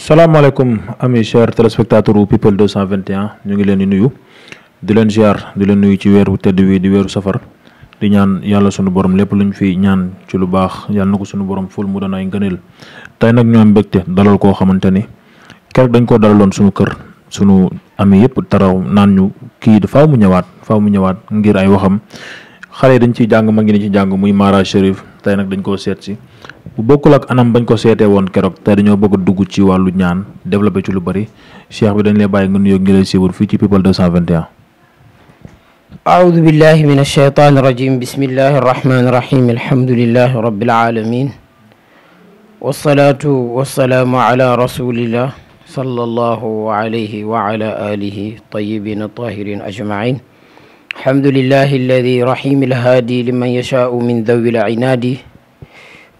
salaamaaleykum ami cher téléspectateur u people 221 ñu ngi leen di nuyu di leen ziar di leen nuyu ci weeru tedd wi di weeru safar di ñaan yàlla sunu borom lépp lu ñu fi ñaan ci lu baax yàlla na ko sunu borom ful mu doon ay ngëneel tey nag ñoo mbegte dalal koo xamante ni keroog dañ koo dalaloon sunu kër sunu ami yëpp taraw naan ñu kii faaw mu ñëwaat faw mu ñëwaat ngir ay waxam xale dañ ciy jàng ma ngi ni ci jàng muy Mara Chérif tey nag dañ koo seet si bu bokkul ak anam bañ ko seetee woon keroog te dañoo bëgg a dugg ci wàllu ñaan développé ci lu bëri cheikh bi dañ lay bàyyi nga nuyoo ngi lay siiwul fii ci people 221. aoudu billahi min alcheytaan irrajim bismillahi arrahmani irrahim alhamdulilahi rabbil alamin wasalaatu wasalaamu ala rasulillah sallallahu alayhi wa ala alihi tayibin tahirin ajmain alhamdulilahi alladi rahim alhaadi liman yashaau min dawi al inaadi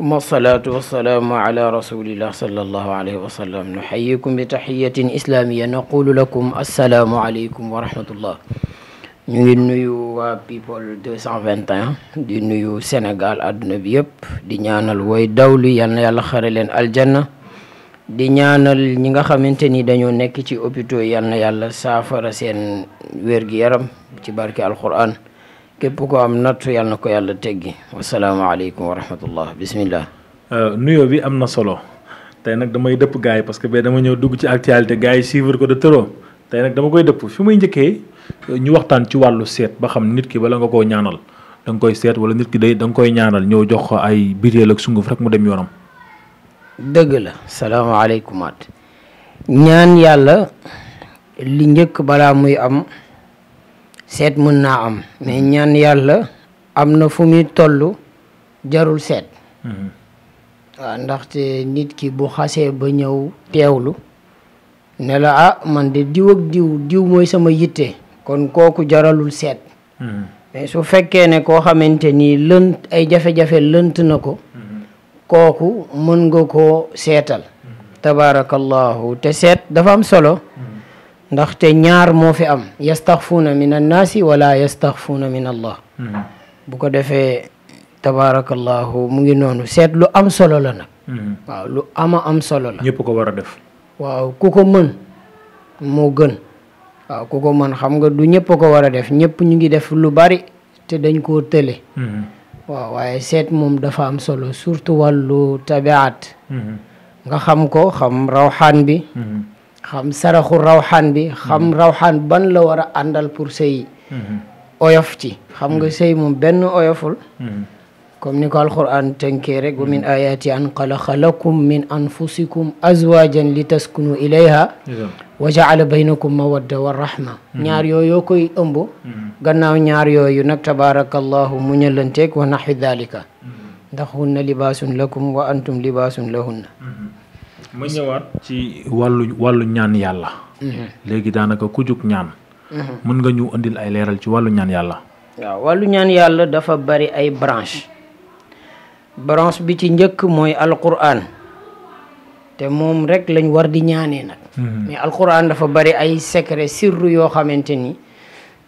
ثم الصلاة والسلام على رسول الله صلى الله عليه وسلم نحييكم بتحية إسلامية نقول لكم السلام عليكم ورحمة الله ñu ngi nuyu waa people 221 di nuyu Sénégal àdduna bi yëpp di ñaanal woy dawlu yal na yàlla xare leen aljanna di ñaanal ñi nga xamante ni dañoo nekk ci hôpitaux yal na yàlla saafara seen wér-gi-yaram ci barke alquran képp ko am nattu yàlla na ko yàlla teggi wasalaamaaleykum wa rahmatullah bismillah euh, nuyoo bi am na solo tey nag damay dëpp gars yi parce que bee dama ñëw dugg ci actualité gars yi suivre ko de dama koy dëpp fi may njëkkee euh, ñu waxtaan ci wàllu seet ba xam nit ki bala nga koo ñaanal da koy seet wala nit ki day da koy ñaanal ñëw jox ko ay bitéel ak sunguf rek mu dem yoonam. dëgg la salaamaaleykum ñaan yàlla li njëkk balaa muy am. seet mën naa am mais ñaan yàlla am na fu muy tollu jarul seet mm-hmm. waaw ndaxte nit ki bu xasee ba ñëw teewlu ne la ah man de diw ak diw diw mooy sama yitte kon kooku jaralul seet mm-hmm. su fekkee ne koo xamante nii lënt ay jafe-jafe lënt na ko mm-hmm. kooku mën nga koo seetal tabarakallahu te seet dafa am solo ndaxte ñaar moo fi am yastaxfuuna min annaasi wala yastaxfuuna min allah hmm. bu ko defee tabaarakallahu mu ngi noonu seet lu am solo la nag hmm. waaw lu ama am solo la ñëpp ko war def waaw ku ko mën ku ko mën xam nga du ñëpp ko war def ñëpp ñu ngi def lu bari te dañ koo tele hmm. waaw waaye seet moom dafa am solo surtout wàllu tabiat nga xam ko xam rawxaan bi xam saraxu rawxaan bi xam mm-hmm. rawxaan ban la war a àndal pour sëy mm-hmm. oyof ci xam nga mm-hmm. sëy moom benn oyoful comme ni ko alquran tënkee rek wa min ayati an xalaqa lakum min anfusikum azwajan li taskunu ilayha wa jaala baynakum mawadda wa rahma ñaar yooyu koy ëmb gannaaw ñaar yooyu nag tabaarakallahu mu ñëlanteeg wa naxwi dalika ndax hunna libaasun lakum wa antum libaasun lahunna ma ñëwaat ci wàllu wàllu ñaan yàlla. Mhm. léegi daanaka ku ñaan. Mhm. mën nga ñu andil ay leeral ci wàllu ñaan yàlla. wàllu ñaan yàlla dafa bari ay branche branche bi ci njëkk mooy alquran te moom rek lañ war di ñaanee nag. Mhm. mais alquran dafa bari ay secret sirru yoo xamante ni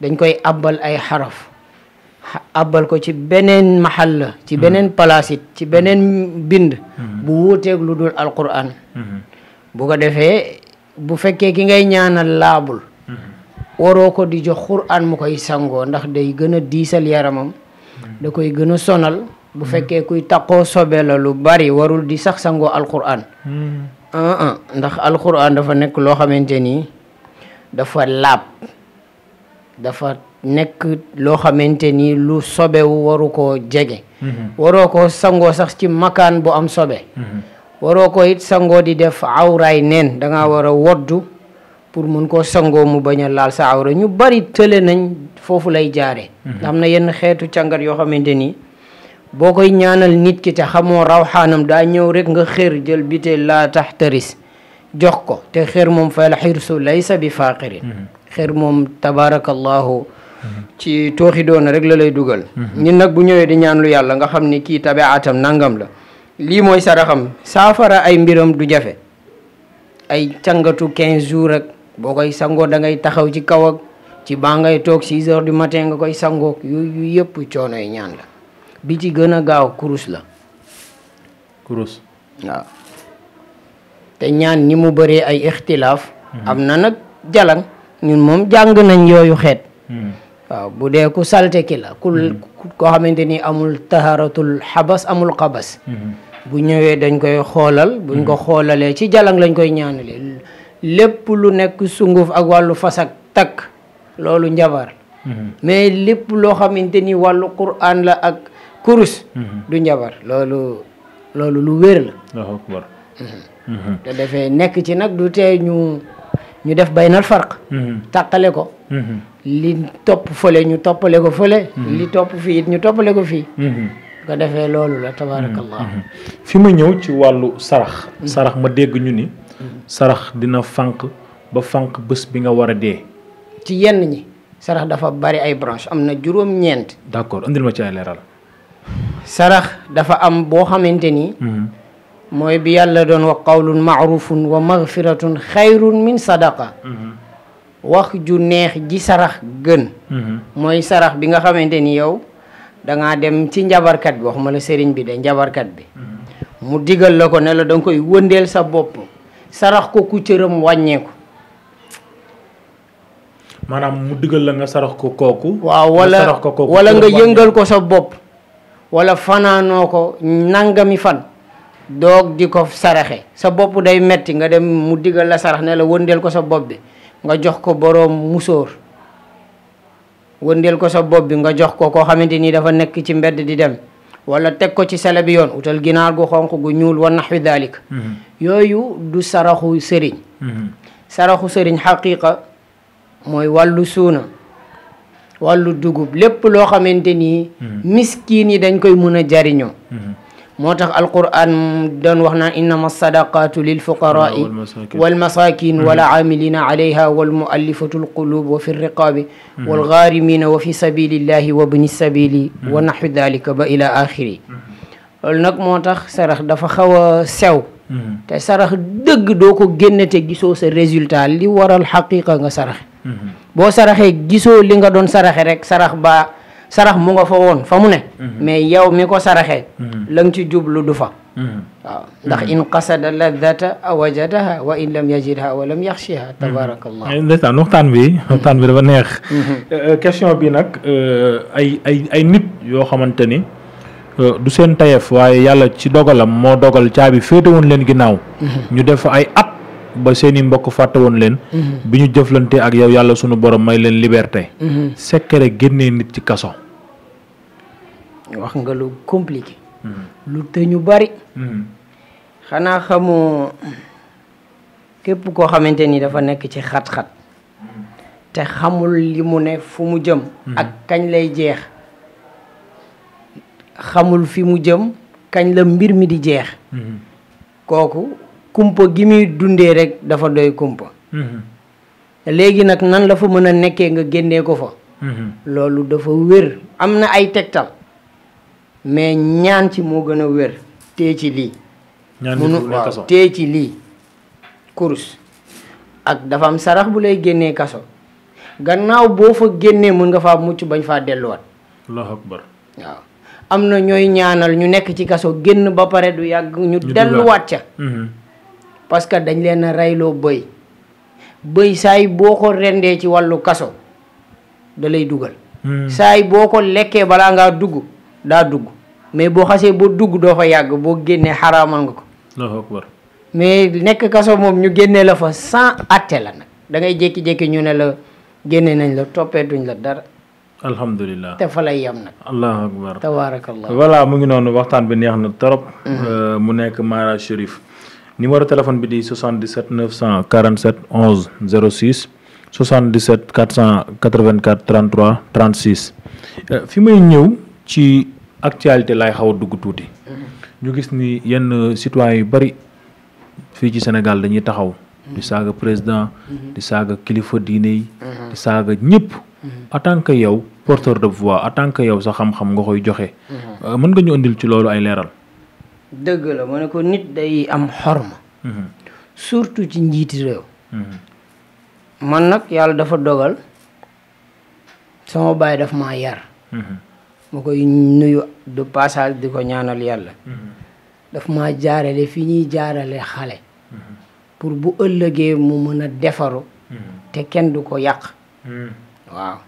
dañ koy abbal ay xaraf. abal ko ci beneen la ci beneen hmm. palaasit ci beneen bind hmm. bu wuuteeg lu dul alquran hmm. bu ko defee bu fekkee ki ngay ñaanal laabul waroo ko di jox quran mu koy sangoo ndax day gën a diisal yaramam da koy gën a sonal bu fekkee kuy takkoo sobe la lu bari warul di sax sangoo alquran ah, ah, ndax alquran dafa nekk loo xamante nii dafa laab dafa nekk loo xamante ni lu sobewu waru ko jege waroo ko sangoo sax ci makaan bu am sobe waroo ko it sangoo di def awraay neen danga nga war a woddu pour mun koo sangoo mu bañ a laal sa awra ñu bari tële nañ foofu lay jaare mhm. am na yenn xeetu càngat yoo xamante ni boo koy ñaanal nit ki te xamoo rawxaanam daa ñëw rek nga xër jël bite laa tax tëris jox ko te xër moom fayal xirsu laysa bi faaqirin mhm. xër moom tabarakallahu ci tooxi doona rek la lay dugal mhm. nit nag bu ñëwee di ñaan lu yàlla nga xam ni kii tabaatam nangam la lii mooy saraxam saafara ay mbiram du jafe ay càngatu 15 jours rek boo koy sangoo da ngay taxaw ci kaw ak ci baa ngay toog 6 heures du matin nga koy sangoo yu coono coonoy ñaan la bi ci gën a gaaw kurus la kurus waaw te ñaan ni mu bëree ay ixtilaaf mhm. am na nag jalan ñun moom jàng nañ yooyu xeet mhm. waaw bu dee ku salte ki la hmm. ku koo xamante ni amul taharatul xabas amul xabas hmm. bu ñëwee dañ koy xoolal buñ ko hmm. xoolalee ci jalang lañ koy ñaanale lépp lu nekk sunguf ak wàllu fas ak takk loolu njabar mais lépp loo xamante ni wàllu quraan la ak kurus du njabar loolu loolu lu wér la te nekk ci nag du tee ñu def baynal farq mhm. takkale ko mhm. li topp fële ñu toppale ko fële mhm. li topp fii it ñu toppale ko fii nga defee loolu la tabaarakallah fi ma ñëw ci wàllu sarax sarax ma dégg ñu ni sarax dina fanq ba fànq bés bi nga war a dee ci yenn ñi sarax dafa bari ay branche am na juróom-ñeent d'accord andil ma ci ay leeral sarax dafa am boo xamante nii mooy bi yàlla doon wax qawlun maarufun wa magfiratun xayrun min sadaqa wax ju neex ji sarax gën mooy sarax bi nga xamante ni yow danga dem ci njabarkat bi waxuma la sëriñ bi de njabarkat bi mu digal la ko ne danga koy wëndeel sa bopp sarax ko ku cëram wàññeeku maanaam mu digal la nga sarax ko kooku waaw wala nga yëngal ko sa bopp wala fanaanoo ko nangami fan doog di ko saraxe sa bopp day metti nga dem mu diggal la sarax ne la wëndeel ko sa bopp bi nga jox ko boroom musóor wëndeel ko sa bopp bi nga jox ko koo xamante ni dafa nekk ci mbedd di dem wala teg ko ci sele yoon utal ginaar gu xonq gu ñuul wa wi dalik mm-hmm. yooyu du saraxu sëriñ mm-hmm. saraxu sëriñ xaqiqa mooy wallu suuna wàllu dugub lépp loo xamante ni. Mm-hmm. miskin yi dañ koy mun a jariñoo moo tax alquran doon wax naan innama sadaqatu lil fuqaraai wal masakin mm-hmm. wala amilina alayha wal muallifatu alqulub mm-hmm. wa fi riqabi wal gaarimina wa fi sabilillahi wa bni sabili mm-hmm. wa naxwi dalika ba ila axiri loolu nag moo tax sarax dafa xaw a sew te sarax dëgg doo ko génne te gisoo sa résultat li waral xaqiqa nga saraxe boo saraxee gisoo li nga doon saraxe rek sarax ba sarax mu nga fa woon fa mu ne mhm. mais yow mi ko saraxee mhm. la nga ci jublu du fa mhm. ndax in qasada ladata awajadaha wa in lam yajidha wa lam yaxshiha tabarakallah eh, ndeysaan waxtaan bi waxtaan bi dafa neex eh, eh, question bi nag ay ay ay nit yoo xamante ni du seen tayef waaye yàlla ci dogalam moo dogal caabi féete woon leen ginnaaw ñu def fa ay at ba seeni mbokk fàtte woon leen bi ñu jëflante ak yow yàlla sunu borom may leen liberté secret génnee nit ci kaso wax nga lu compliqué. Hmm. lu te ñu bari. Hmm. xanaa xamoo képp koo xamante ni dafa nekk ci xat-xat. Hmm. te xamul li mu ne fu mu jëm. ak kañ lay jeex. xamul fi mu jëm kañ la mbir mi di jeex. kooku kumpa gi muy dundee rek dafa doy kumpa. léegi nag nan la fa mën a nekkee nga génnee ko fa. loolu dafa wér am na ay tegtal. mais ñaan ci moo gën a wér tee ci lii munu waaw tee ci lii kurus ak dafa am sarax bu lay génnee kaso gannaaw boo fa génnee mun nga faa mucc bañ faa delluwaat waaw am na ñooy ñaanal ñu nekk ci kaso génn ba pare du yàgg ñu delluwaat ca mhm. parce que dañ leen a reyloo bëy bëy saay boo ko rendee ci wàllu kaso da lay dugal mhm. saay boo ko lekkee balaa ngaa dugg daa dugg mais boo xasee boo dugg doo fa yàgg boo génnee xaraamal nga ko. waaw mais nekk kaso moom ñu génnee la fa sans atte la nag da ngay jékki-jékki ñu ne la génne nañ la toppeetuñ la dara. alhamdulilah te fa lay yem nag. allahu akbar tabaarakallah voilà mu ngi noonu waxtaan bi neex na trop. Mhm. Euh, mu nekk Mara Chérif. numéro téléphone bi di 77 947 11 06 77 484 33 36 fi may ñëw. ci actualité lay xaw a dugg tuuti. Mm-hmm. ñu gis ni yenn citoyens yu bari fii ci senegal dañuy taxaw. di mm-hmm. saaga président. Mm-hmm. di saaga kilifa diine yi. di saaga ñëpp. en tant que yow porteur de voix en tant que yow sa xam-xam nga koy joxe. Euh, mën nga ñu indil ci loolu ay leeral. dëgg la ma ne ko nit day am xorma. surtout ci njiiti réew. man nag yàlla dafa dogal sama baay daf maa yar. ma koy nuyu du passage di ko ñaanal yàlla mm-hmm. daf ma jaarale fi ñuy jaarale xale mm-hmm. pour bu ëllëgee mu mën a defaru mm-hmm. te kenn du ko yàq waaw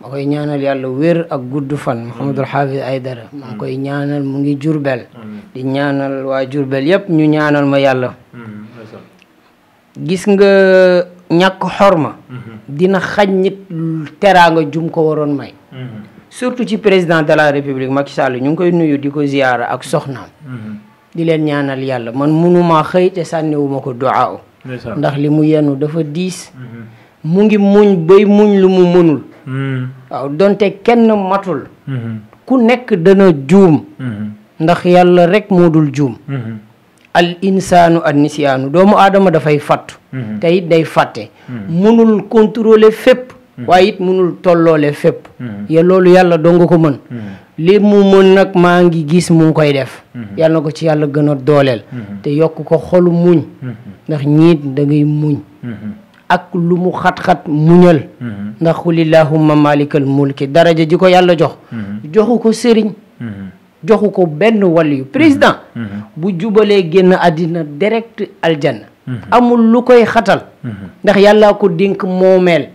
ma koy ñaanal yàlla wér ak gudd fan Mouhamadul Hafiz Aydara ma koy ñaanal mu ngi jurbel di ñaanal waa jurbel yépp ñu ñaanal ma yàlla gis nga ñàkk xorma dina xañ nit teraanga jum ko waroon may surtout ci président de la république Macky Sall ñu ngi koy nuyu di ko ziyaara ak soxnaam. Mm-hmm. di leen ñaanal yàlla man mënuma xëy te sànniwuma ko duwaaw ndax li mu yenu dafa diis. Mm-hmm. mu ngi muñ bay muñ lu mu mënul. Mm-hmm. waaw donte kenn matul. ku nekk dana juum. ndax yàlla rek moo dul juum. al insaanu an nisyaanu doomu aadama dafay fàttu. te day fàtte. mënul contrôler fépp. Hmm. waaye it mënul tolloole fépp hmm. loolu yàlla doo nga ko mën hmm. li mu mën nag maa ngi gis mu ngi koy def yàlla na ko ci yàlla gën dooleel te yokk ko xolu muñ ndax ñiit da ngay muñ ak lu mu xat-xat muñal ndax xulillahumma malikal mulki daraja ji ko yàlla jox joxu ko sëriñ joxu ko benn waliyu président bu jubalee génn àddina direct aljanna amul lu koy xatal ndax yàllaa ko dénk moomeel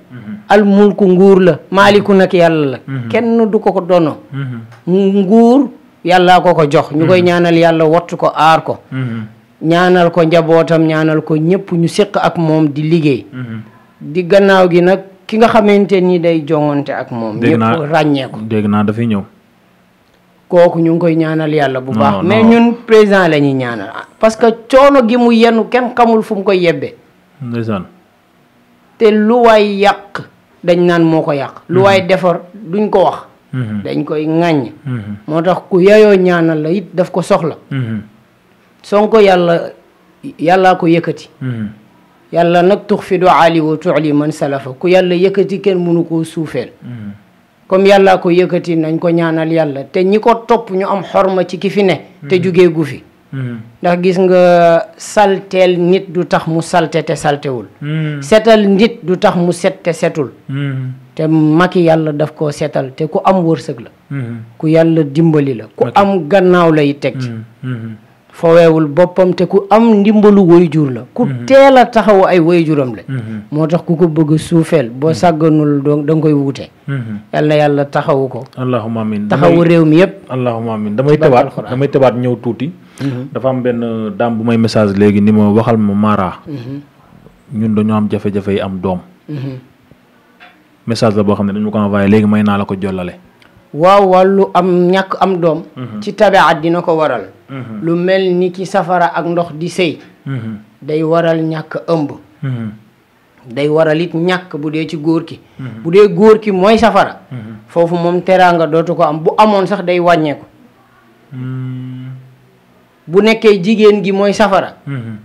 al mulku nguur la maaliku nag yàlla la mhm. kenn du ko ko dono mhm. nguur yàllaa ko ko jox ñu koy mhm. ñaanal yàlla wattu ko aar ko ñaanal ko njabootam ñaanal ko ñëpp ñu séq ak moom di liggéey di gannaaw gi nag ki nga xamante ni day joŋante ak moom ñëpp ràññee ko dégg naa dafay ñëw kooku ñu ngi koy ñaanal yàlla bu baax mais ñun président la ñuy ñaanal parce que coono gi mu yenu kenn xamul fu mu koy yebbe te lu waay yàq dañ naan moo ko yàq lu waaye mhm. defar duñ ko wax mhm. dañ koy ŋàññ mhm. moo tax ku yayoo ñaanal la it daf ko soxla Sonko yàlla yàllaa ko yëkkati yàlla nag tux fi du aali wa tuxli salafa ku yàlla yëkkati kenn mënu koo suufeel comme yàllaa ko yëkkati nañ ko ñaanal yàlla te ñi ko topp ñu am xorma ci ki fi ne te jugee gu fi Hmm. ndax gis nga salteel nit du tax mu salte te saltewul hmm. setal nit du tax mu set te setul hmm. te Macky yàlla daf koo setal te ku am wërsëg la ku yàlla dimbali la ku am gannaaw lay teg ci foweewul boppam te ku am ndimbalu jur la ku teel a taxaw ay wayjuram la moo tax ku ko bëgg suufeel boo sàgganul doo da koy wuute yal yàlla taxawu ko allahumma amin taxawu réew mi yëpp allahumma amin damay tëbaat damay tëbaat ñëw tuuti dafa am benn daam bu may message léegi ni ma waxal ma Mara. ñun dañoo am jafe-jafe yi am doom. message la boo xam ne dañu ko envoyé léegi may naa la ko jollale. waaw lu am ñàkk am doom. Mhm. ci tabiat dina ko waral. Mhm. lu mel ni ki safara ak ndox di sëy. Mhm. day waral ñàkk ëmb. day waral it ñàkk bu dee ci góor ki. bu dee góor ki mooy safara. foofu moom teraanga dootu ko am bu amoon sax day wàññeeku. Mm. bu nekkee jigéen gi mooy safara mm-hmm.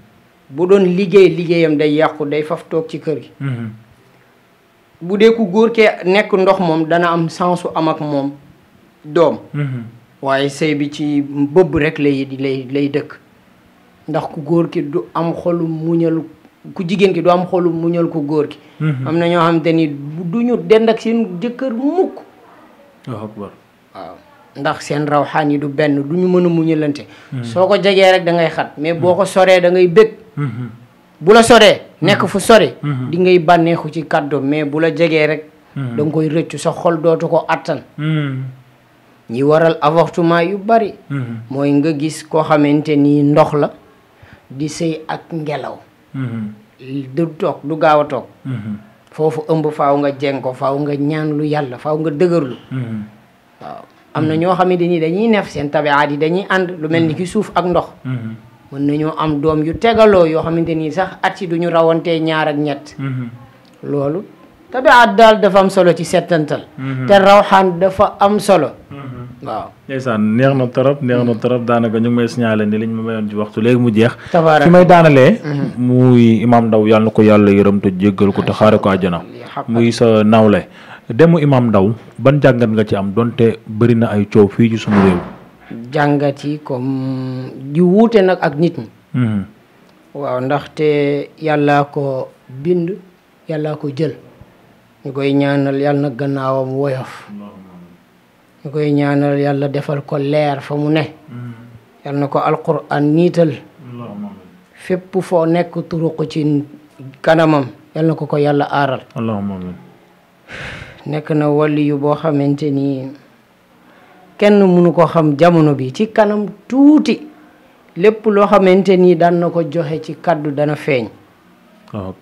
bu doon liggéey liggéeyam day yàqu day faf toog ci kër gi mm-hmm. bu dee ku góor kee nekk ndox moom dana am sansu am ak moom doom mm-hmm. waaye sëy bi ci bëbb rek lay lay dëkk ndax ku góor ki du am xolu muñal ku jigéen ki du am xolu muñal ku góor ki am na ñoo xam te ni du ñu dend ak seen jëkkër mukk waaw ndax seen rawxaan yi du benn du ñu mën a muñalante hmm. soo ko jegee rek da ngay xat mais boo ko soree da ngay bëgg hmm. bu la soree nekk hmm. fu sore di ngay bànneexu ci kàddoom mais bu la jegee rek da koy rëccu sa xol dootu ko attan ñi waral avortement yu bari mooy nga gis koo xamante ni ndox la di sëy ak ngelaw du toog du gaaw a toog foofu ëmb faaw nga jeng ko faaw nga ñaan lu yàlla faaw nga dëgërlu waaw am na ñoo xamante ni dañuy neef seen tabiaat yi dañuy ànd lu mel ni ki suuf ak ndox mm-hmm. mën nañoo am doom yu tegaloo yoo xamante ni sax at yi duñu rawantee ñaar ak ñett mm-hmm. loolu tabiaat daal dafa am solo ci settantal mm-hmm. te rawxaan dafa am solo waaw ndeysaan neex na torop neex na torop daanaka ñu ngi may signalé ni liñ ma mayoon ci waxtu léegi mu jeex fi may daanalee muy imaam ndaw yàlla na ko yàlla yërëm te ko te xaare ko àjjana muy sa nawle demu imam Ndaw ban jàngat nga ci am donte bëri na ay coow fii ci suñu réew. jàngat yi comme di wuute nag ak nit ñi. Mm-hmm. waaw ndaxte yàlla ko bind yàlla ko jël. ñu koy ñaanal yàlla gannaawam woyof. ñu koy ñaanal yàlla defal ko leer fa mu ne. Mm-hmm. yàlla ko alquran niital. fépp foo nekk turuq ci kanamam yàlla ko ko yàlla aaral. nekk na wàlli yu boo xamante ni kenn mënu ko xam jamono bi ci kanam tuuti lépp loo xamante ni daan na ko joxe ci kàddu dana feeñ waaw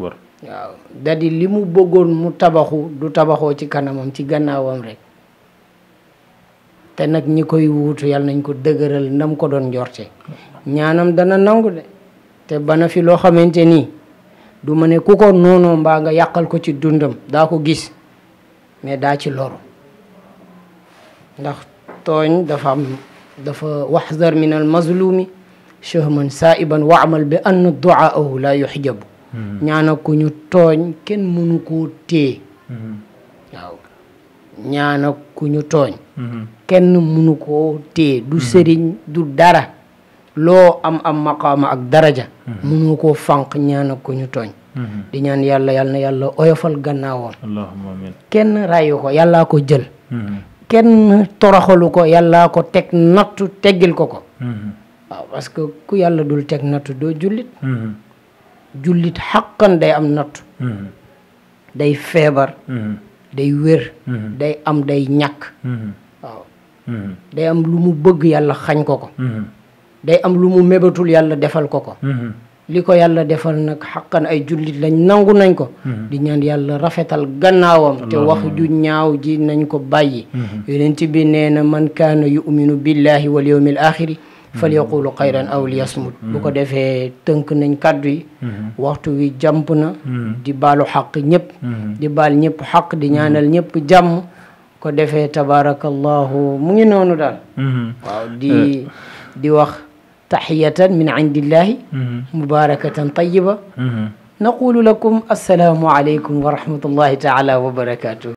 dadi li bëggoon mu tabaxu du tabaxoo ci kanamam ci gannaawam rek te nag ñi koy wuutu yàlla nañ ko dëgëral ndam ko doon njorte ñaanam dana nangu de te bana fi loo xamante nii du ma ne ku ko noonoo mbaa nga yàqal ko ci dundam daa ko gis mais daa ci loru tooñ dafa am dafa waxdar min al mazlumi chahman waamal bi ann la yuxjabu hmm. ñaana ku tooñ kenn mënu koo téye hmm. waaw ñaana ku tooñ hmm. kenn mënu koo du sëriñ du dara loo am am maqaama ak daraja mënu koo ñaana ku tooñ Mm-hmm. di ñaan yàlla yàlla na yàlla oyofal gannaawoon. allahumma kenn rayu ko yàllaa ko jël. Mm-hmm. kenn toroxalu ko yàllaa ko teg nattu teggil ko ko. Mm-hmm. waaw parce que ku yàlla dul teg nattu doo jullit. jullit xàqan day am nattu. day feebar. day wér. day am day ñàkk. waaw. day am lu mu bëgg yàlla xañ ko ko. day am lu mu mébatul yàlla defal ko ko. li ko yàlla defal nag xaqan ay jullit lañ nangu nañ ko mhm. di ñaan yàlla rafetal gannaawam te wax ju ñaaw ji nañ ko bàyyi mhm. yonent bi nee na man kaana yuminu billahi wal yawmil axiri mhm. fal yaqulu xayran aw liyasmut bu ko defee tënk nañ kàddu waxtu wi jàmp na di baalu xaq ñëpp di baal ñëpp xaq di ñaanal ñëpp jàmm ko defe tabaarakallahu mu ngi noonu daal eh. taxiyatan min indillahi mubarakatan tayiba naqulu lakum asalaamu aleykum wa rahmatullahi taala wa barakatuh